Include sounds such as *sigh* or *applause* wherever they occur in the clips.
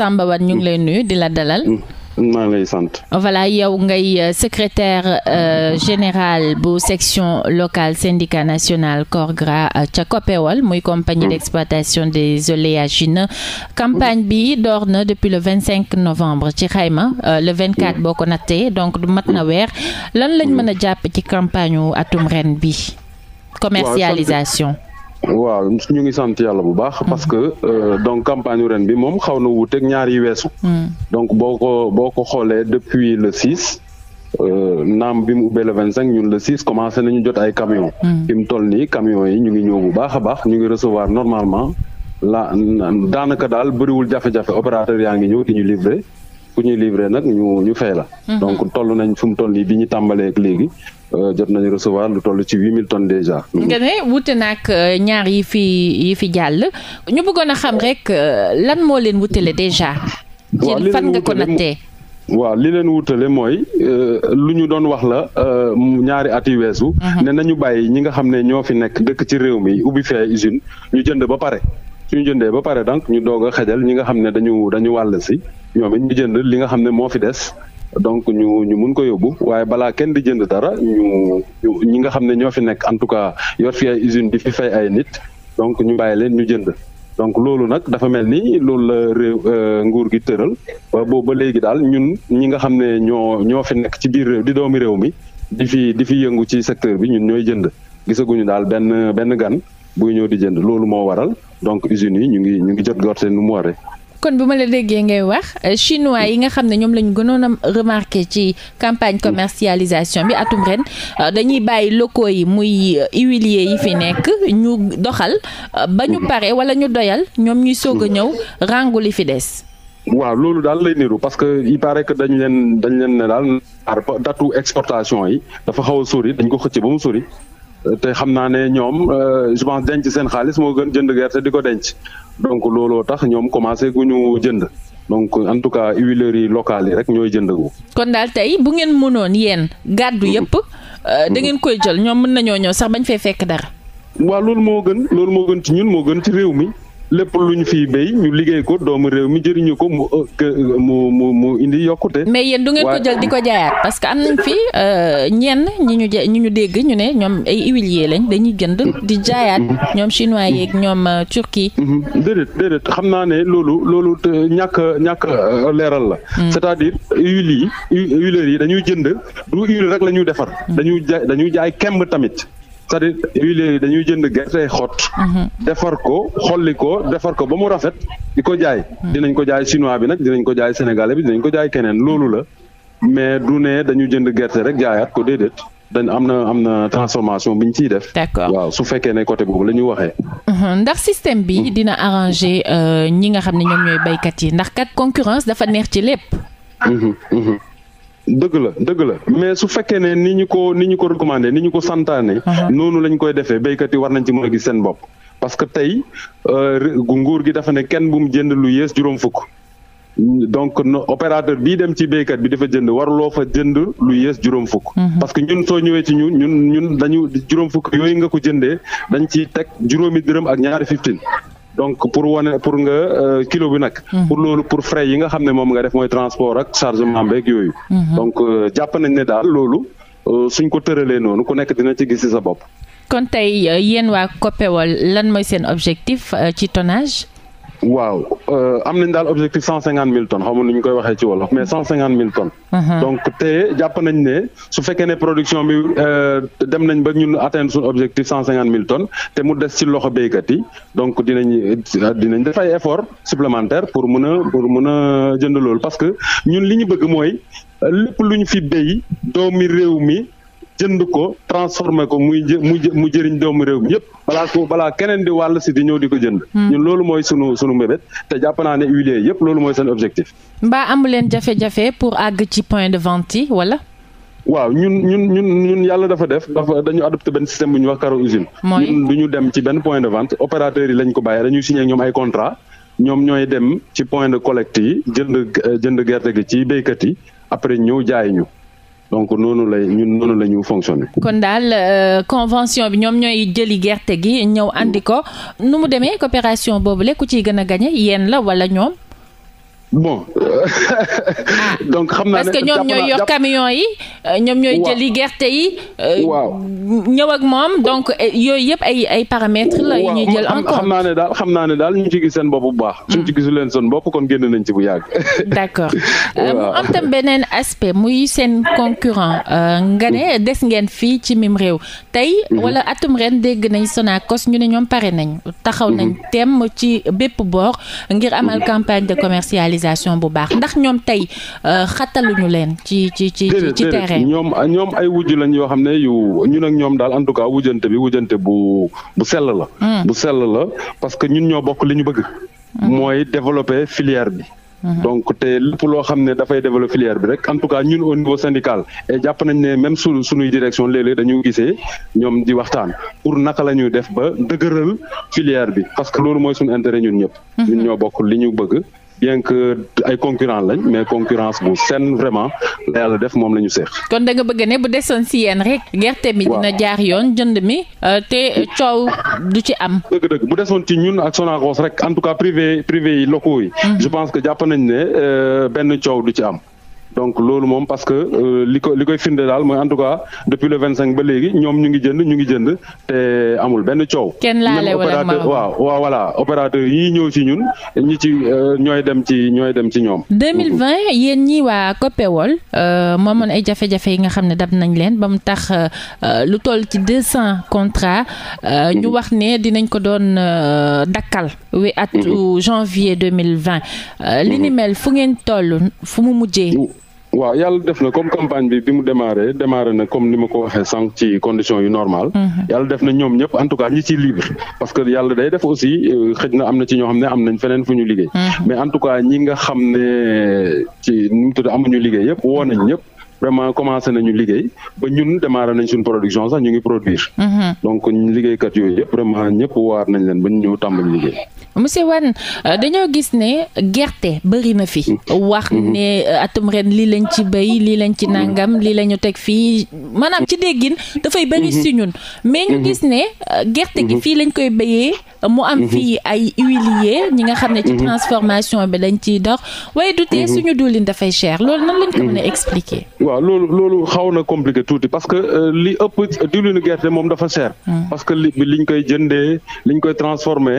Samba Wane ñu ngi lay nuyu di la dalal. Mm, voilà yow ngay euh, secretaire euh, général bu section locale syndicat national corps gras euh, ca COPEOL muy compagnie mm. d'exploitation des na campagne bi door na depuis le vingt cinq novembre ci xayma euh, le vingt quatre mm. boo ko donc du mat na mm. weer lan lañ mm. mën a jàpp ci campagne atum ren bi commercialisation. waaw ñu ngi sant yàlla bu baax. parce que mm. euh, donc campagne ren bi moom xaw na wuuteeg ñaar yi weesu. Mm. donc boo ko boo ko xoolee depuis le six. Euh, naam bi mu ubbee le vingt cinq ñun le six commencé nañu jot ay camions. Mm. fi mu toll nii camions yi ñu ngi ñëw bu baax a baax ñu ngi recevoir normalement la daanaka daal bëriwul jafe-jafe opérateur yaa ngi ñëw di ñu ku ñuy livrer nag ñu ñu fay la. Mhm. donc toll nañ fu mu toll nii bi ñu tàmbalee léegi euh, jot nañu recevoir lu toll ci huit mille tonnes déjà. nga ne wute nag euh, ñaar yi fi yi fi jàll ñu bëggoon a xam rek euh, lan moo leen wutale déjà. yéen fan nga ko nattee. waaw li leen wutale mooy lu ñu doon wax la ñaari at yi weesu. Mhm. ne nañu bàyyi ñi nga xam ne ñoo fi nekk dëkk ci réew mi ubbi fee usine ñu jënd ba pare. suñu jëndee ba pare donc ñu doog a xajal ñi nga xam ne dañu dañu wàll si ñoom it ñu jënd li nga xam ne moo fi des donc ñu ñu mun ko yóbbu waaye balaa kenn di jënd dara ñi nga xam ne ñoo fi nekk en tout cas yor fi ay usine di fi fay ay nit donc ñu bàyyi leen ñu jënd donc loolu nag dafa mel ni loolu la réew euh, nguur gi tëral ba boobu ba léegi daal ñun ñi nga xam ne ñoo ñoo nekk ci biir réew di doomi réew mi di fi di fi yëngu ci secteur bi ñun ñooy jënd gisaguñu daal benn benn gan buy ñëw di jënd loolu moo waral donc usines yi ñu ngi ñu ngi jot gorte nu mu waree. kon bi ma la déggee ngay wax euh, chinois yi nga xam ne ñoom la ñu gënoon a remarqué ci campagne commercialisation bi atum ren euh, dañuy bàyyi locaux yi muy euh, huiliers yi fi nekk ñu doxal ba ñu pare wala ñu doyal ñoom ñuy soog a ñëw rangu li fi des. waaw loolu daal lay niru parce que il pare que dañu leen dañu leen ne daal datu exportation yi dafa xaw a sori dañ ko xëcc ba mu sori te xam naa ne ñoom euh, je pense denc seen xaalis moo gën jënd gerte di ko denc donc looloo tax ñoom commencé gu ñu jënd donc en tout cas huileries yi locales yi rek ñooy jëndagu. kon daal tey bu ngeen mënoon yéen gàddu mm-hmm. yëpp. Euh, da ngeen koy jël ñoom mën nañoo ñëw sax bañ fee fekk dara. waaw loolu moo gën loolu moo gën ci ñun moo gën ci réew mi. lépp lu ñu fiy béy ñu liggéey ko doomu réew mi jëriñu ko mu mu mu mu indi yokkute. mais yéen du ngeen ko jël di ko jaayaat parce que am nañ fi euh, ñenn ñi ñu ja ñi dégg ñu ne ñoom ay huiliers lañ dañuy jënd di jaayaat mm-hmm. ñoom chinois yeeg ñoom euh, turquie. Mm-hmm. déedéet déedéet xam naa ne loolu loolu ñàkk ñàkk euh, leeral la. Mm. c'est-à-dire huile yi huileurs yi dañuy jënd du huile rek lañuy ñuy defar. Mm. dañuy dañuy jaay kemb tamit. c'est-à-dire huiliers yi dañuy jënd gerte xott. Mhm. defar ko xolli ko defar ko ba mu rafet di ko jaay. Mhm. dinañ ko jaay chinois bi nag dinañ ko jaay sénégalais bi dinañ ko jaay keneen loolu la mais du ne dañu jënd gerte rek jaayaat ko déedéet. dañ am na am na transformation bi ci ciy def. d'accord waaw su fekkee ne côté boobu la ñuy waxee. Mhm. ndax système bi dina arranger euh, ñi nga xam ne ñoom ñooy baykat yi ndax kat concurrence dafa neex ci lépp. dëgg la dëgg la mais su fekkee ne ni ñu ko ni ñu ko recommandé ni ñu ko santaanee uh-huh. noonu lañ koy defee béykat yi war nañ ci mën a gis seen bopp. parce que tey euh, nguur gi dafa ne kenn bu mu jënd lu yées juróom fukk donc opérateur bii dem ci béykat bi dafa jënd waruloo fa jënd lu yées juróom fukk. Uh-huh. parce que ñun soo ñëwee ci ñun ñun ñun dañu juróom fukk yooyu nga ko jëndee dañ ciy teg juróomi dërëm ak ñaari fifteen. donc pour wane pour nga euh, kilo bi nag. Mhm. pour loolu pour frais yi nga xam ne moom nga def mooy transport ak chargement beeg yooyu. Mhm. donc euh, jàpp nañ ne daal loolu euh, suñ ko tëralee noonu ku nekk dina ci gis si sa bopp. kon tey yéen waa COPEOL lan mooy seen objectif ci tonnage. waaw euh, am nañ daal objectif cent cinquante mille tonnes xaw ma koy waxe ci wolof mais cent cinquante mille tonnes. Mhm. donc te jàpp nañ ne su fekkee ne production bi euh, dem nañ ba ñun atteindre suñu objectif cent cinquante mille tonnes te mu des ci loxo béykat yi donc dinañ dinañ def ay effort supplémentaire pour mën a pour mën a jënd loolu parce que ñun li ñu bëgg mooy lépp lu ñu fi béy doomi réew mi. jënd ko transformé ko muy mu jëriñ doomu réew mi yëpp balaa ko balaa keneen di wàll si di ñëw di ko jënd. Hmm. ñun loolu mooy sunu sunu mbébét te jàpp naa ne huiliers yëpp loolu mooy seen objectif. mbaa amu leen jafe-jafe pour àgg ci point de vente yi wala. waaw ñun ñun ñun ñun yàlla dafa def dafa dañu adopté benn système bu ñuy wax caro usine. ñun du ñu dem ci benn point de vente opérateur yi lañ ko bàyyee dañuy signé ak ñoom ay contrat ñoom ñooy dem ci point de collecte yi jënd jënd gerte gi ci béykat yi après ñëw jaay donc noonu lay ñun noonu la ñu fonctionner. kon daal euh, convention bi ñoom ñooy jëli gerte gi ñëw andi ko nu mu demee coopération boobu la ku ciy gën a gañe yéen la wala ñoom. bon ah. donc xam naa parce que ñoom ñooy yor camion yi. Euh, ñoom ñooy jëli gerte yi. Euh, waaw ñëw ak moom donc euh, yooyu yëpp ay ay paramètres la. yu ñuy jël en xam naa ne daal xam naa ne daal ñu ci gis seen bopp bu baax. Hmm. suñ ci gisul leen seen bopp kon génn nañ ci bu yàgg. *laughs* d' accord mu am tam beneen aspect muy seen concurrent nga ne hmm. des ngeen fii ci mim réew. tey hmm. wala atum ren dégg nañ Sonacos ñu ne ñoom pare nañ taxaw nañ tem ci bépp boor ngir amal campagne de commercialisation. organisation bu baax ndax ñoom tey euh, xattaluñu leen ci ci ci ci ñoom ñoom ay wujj lañ yoo xam ne yu ñun ak ñoom daal en tout cas wujjante bi wujjante bu bu sell la hmm. bu sell la parce que ñun ñoo bokk li ñu bëgg hmm. mooy développer filière bi hmm. donc te lépp loo xam ne dafay développer bi rek en tout cas ñun au niveau syndical et jàpp nañ ne même su suñuy direction léeg-léeg gisee ñoom di waxtaan pour naka la ñuy def ba dëgëral filière bi parce que loolu mooy suñu intérêt ñun ñëpp ñun ñoo bokk li ñu bëgg bien que ay concurrent lañ mais concurrence bu seen vraiment la yàlla def moom la ñu seex. kon da nga bëgg ne bu desoon si yéen rek. gerte mi dina jaar yoon jënd mi. Euh, te coow du ci am. dëgg-dëgg bu desoon ci ñun ak Sonacos rek en tout cas privé yi locaux yi. Hmm. ne euh, benn coow du ci am. donc loolu moom parce que euh, li ko li koy firnde daal mooy en tout cas depuis le vingt cinq ba léegi ñoom ñu ngi jënd ñu ngi jënd te amul benn coow. kenn laale wala opérateur waaw waaw voilà opérateur yii ñëw ci ñun ñi ci euh, ñooy dem ci ñooy dem ci ñoom. 2020 yéen ñi waa COPEOL euh, moomoon ay jafe-jafe yi nga xam ne dab nañ leen ba mu tax lu toll ci deux cent contrats ñu wax ne dinañ ko doon dakkal. we at mhm. janvier 2020 li ni mhm. mel fu ngeen toll fu mu mujjee. waaw yàlla def na comme campagne bi bi mu démarré démarré na comme ni ma ko waxee sànq ci conditions yu normal mhm. yàlla def na ñoom ñëpp en tout cas ñi ciy libre parce que yàlla day def aussi euh, xëj na am na ci ñoo xam ne am nañ feneen fu ñu liggéey mhm. mais en tout cas ñi nga xam ne ci nu mu tudd amuñu liggéey yëpp woo nañ ñëpp vraiment commencé nañu liggéey ba ñun démarré nañ suñu production sax ñu ngi produire. Mhm. donc liggéeykat yooyu yëpp vraiment ñëpp waar nañ leen ba ñu ñëw tàmbali liggéey. monsieur Wane euh, dañoo gis ne gerte bëri na fi. Mhm. wax mhm. ne euh, atum ren lii lañ ci béy lii lañ ci nangam lii la ñu teg fii maanaam ci déggin dafay bëri si ñun. mais ñu euh, gerte gi fii lañ koy béyee mu am fii ay huiliers ñi nga xam ne ci transformation bi lañ ciy dox waaye du tee suñu diwlin dafay cher loolu nan lañ ko mën a expliquer. waaw loolu loolu xaw na compliqué tuuti parce que euh, li ëpp diwlinu gerte moom dafa cher. Hmm. parce que li liñ koy jëndee liñ koy transformé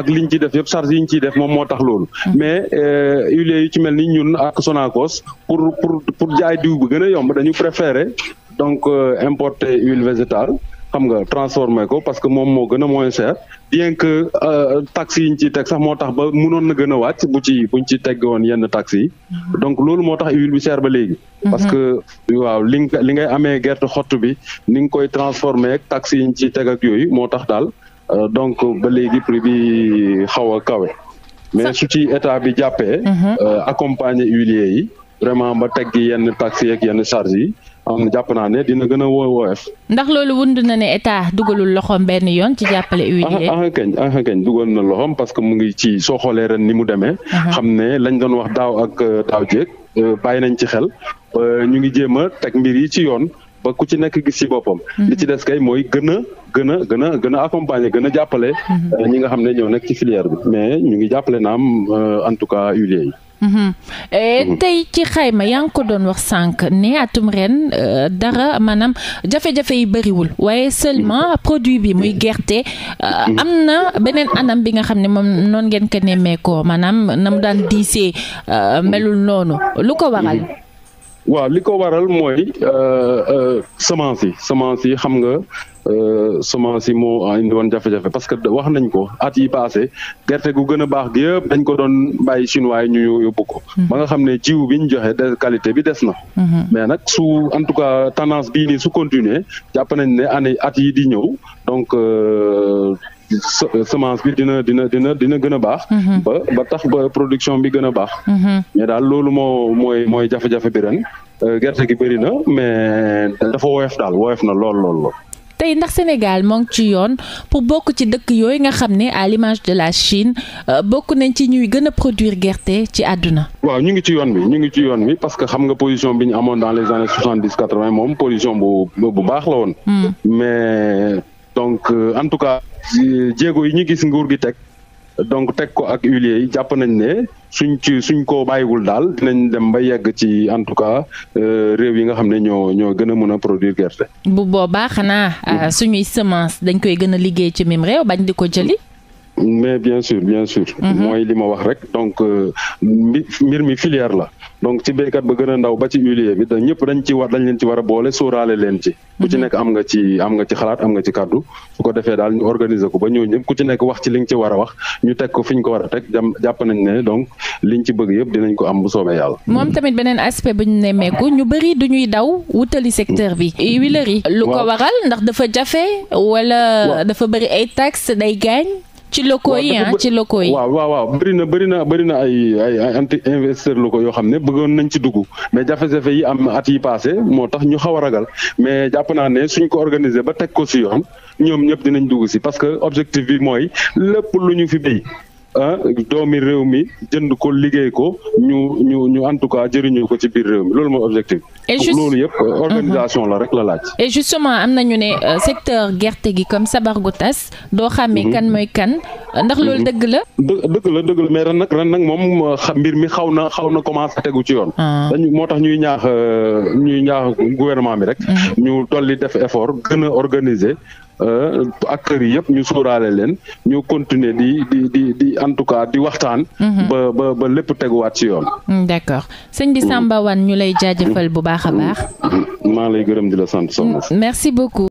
ak liñ ciy def yëpp charge yi ñu ciy def moom moo tax loolu. Hmm. mais euh, huiliers yu ci mel ni ñun ak Sonacos pour pour pour jaay diw bi gën a yomb dañu préférer donc euh, importer huile végétale. xam nga transformé ko parce que moom moo gën a moins cher bien que euh, taxes yi ñu ciy teg sax moo tax ba mënoon na gën a wàcc bu ci buñ ci tegg woon yenn taxes yi mm-hmm. donc loolu moo tax huile bi cher ba léegi mm-hmm. parce que waaw li nga li ngay amee gerte xott bi ni nga koy transformé ak taxes yi ñu ciy teg ak yooyu moo tax daal euh, donc ba léegi prix bi xaw a kawe mais su ci état bi jàppee mm-hmm. euh, accompagner huiliers yi vraiment ba teg yenn taxes yeeg yenn charges yi am jàpp naa ne dina gën a woo woyof. ndax loolu wund na ne état dugalul loxoom benn yoon ci jàppale huiliers. ah ah kañ ah parce que mu ngi ci soo xoolee ren ni mu demee. Uh-huh. xam ne lañ doon wax daaw ak euh, daaw jéeg euh, bàyyi nañ ci xel ñu ngi jéem a teg mbir yi ci yoon. ba ku ci nekk gis ci boppam. Uh-huh. li ci des kay mooy gën a gën a gën a gën a accompagner gën a jàppale. Uh-huh. Euh, ñi nga xam ne ñoo nekk ci filière bi mais ñu ngi jàppale naam en tout cas huiliers yi. Mhm. E tey ci xayma yaa ngi ko doon wax sànq ne atum ren euh, dara maanaam jafe-jafe yi bëriwul waaye seulement mhm. produit bi muy gerte euh, am na mhm. beneen anam bi nga xam ne moom noonu ngeen ko nemmeekoo maanaam na mu daan diisee euh, melul noonu lu ko waral. waaw li ko waral mooy euh, euh, semence yi semence yi xam nga euh, semence yi moo indi woon jafe-jafe parce que wax nañ ko at yi passé gerte gu gën a baax gi yëpp dañ ko doon bàyyi chinois yi ñu yóbbu ko. Hmm. ba nga xam ne jiw bi ñu joxe de qualité bi des na. Hmm. mais nag su en tout cas tendance bii nii su continuer jàpp nañ ne année at yi di ñëw donc. Euh, semence bi dina dina dina dina gën a baax. Mhm. ba ba tax ba production bi gën a baax. Mhm. mais daal loolu moo mooy mooy jafe-jafe bi ren euh, gerte gi bëri na mais dafa woyof daal woyof na lool lool tey ndax Sénégal moo ngi ci yoon pour bokk ci dëkk yooyu nga xam ne à l'image de la Chine euh, bokk nañ ci ñuy gën a produire gerte ci àdduna. waaw ñu ngi ci yoon bi ñu ngi ci yoon bi parce que xam nga position bi ñu amoon dans les années soixante dix moom position bu bu baax la woon. Hmm. mais donc euh, en tout cas jéego yi ñu gis nguur gi teg donc teg ko ak huiliers yi jàpp nañ ne suñ ci suñ ko bàyyiwul daal dinañ dem ba yegg ci en tout cas euh, réew yi nga xam ne ñoo ñoo gën a mën a produire gerte. bu boo boobaa xanaa mhm. euh, suñuy semence dañ koy gën a liggéey ci même réew bañ di ko jëli. mais bien sûr bien sûr. Mhm. mooy li ma wax rek donc euh, mbir mi filière la donc ci béykat ba gën ndaw ba ci huilier bi da ñëpp dañ ci war dañ leen ci war a boole sóoraale leen ci. ku ci mhm. nekk am nga ci am nga ci xalaat am nga ci kàddu su ko defee daal ñu organiser ko ba ñëw ñëpp ku ci nekk wax ci li nga ci war a wax ñu teg ko fi ñu ko war a teg jàpp nañ ne donc liñ ci bëgg yëpp dinañ ko am bu soobee yàlla. moom tamit beneen aspect ba ñu nemmeeku ñu bëri du ñuy daw wutali secteur bi. huilier yi lu ko waral ndax dafa jafe. wala dafa bëri ay taxes day gaañ. Ah, ci locaux yi ci locaux waaw waaw waaw bëri na bëri na bëri na ay ay ay anti investisseurs locaux yoo xam ne bëggoon nañ ci dugg mais jafe-jafe yi am at yi passé moo tax ñu xaw a ragal mais jàpp naa ne suñ ko organiser ba teg ko si yoon ñoom ñëpp dinañ dugg si parce que objectif bi mooy lépp lu ñu fi béy. ah doomi réew mi jënd ko liggéey ko ñu ñu ñu tout cas jëriñu ko ci biir réew mi loolu mooy objectif. et juste loolu yëpp uh-huh. organisation la rek la laaj. et justement am nañu ne euh, secteur gerte gi comme Sabargotas doo xàmmee mm-hmm. kan mooy kan ndax loolu mm-hmm. dëgg la. dë dëgg la dëgg la mais ren nag ren nag moom euh, mbir mi xaw na xaw na commencé tegu ci yoon. Ah. dañu moo tax ñuy ñaax euh, ñuy ñaax gouvernement bi rek. Mm-hmm. ñu dolli def effort gën a organiser. acteurs yi yëpp ñu sóoraale leen ñu continuer di di di di en tout cas di waxtaan. ba ba ba lépp teguwaat ci yoon. Mm, d'accord sëñ bi Samba Wane ñu lay jaajëfal baax a baax. maa lay gërëm di la sant soxna. merci beaucoup.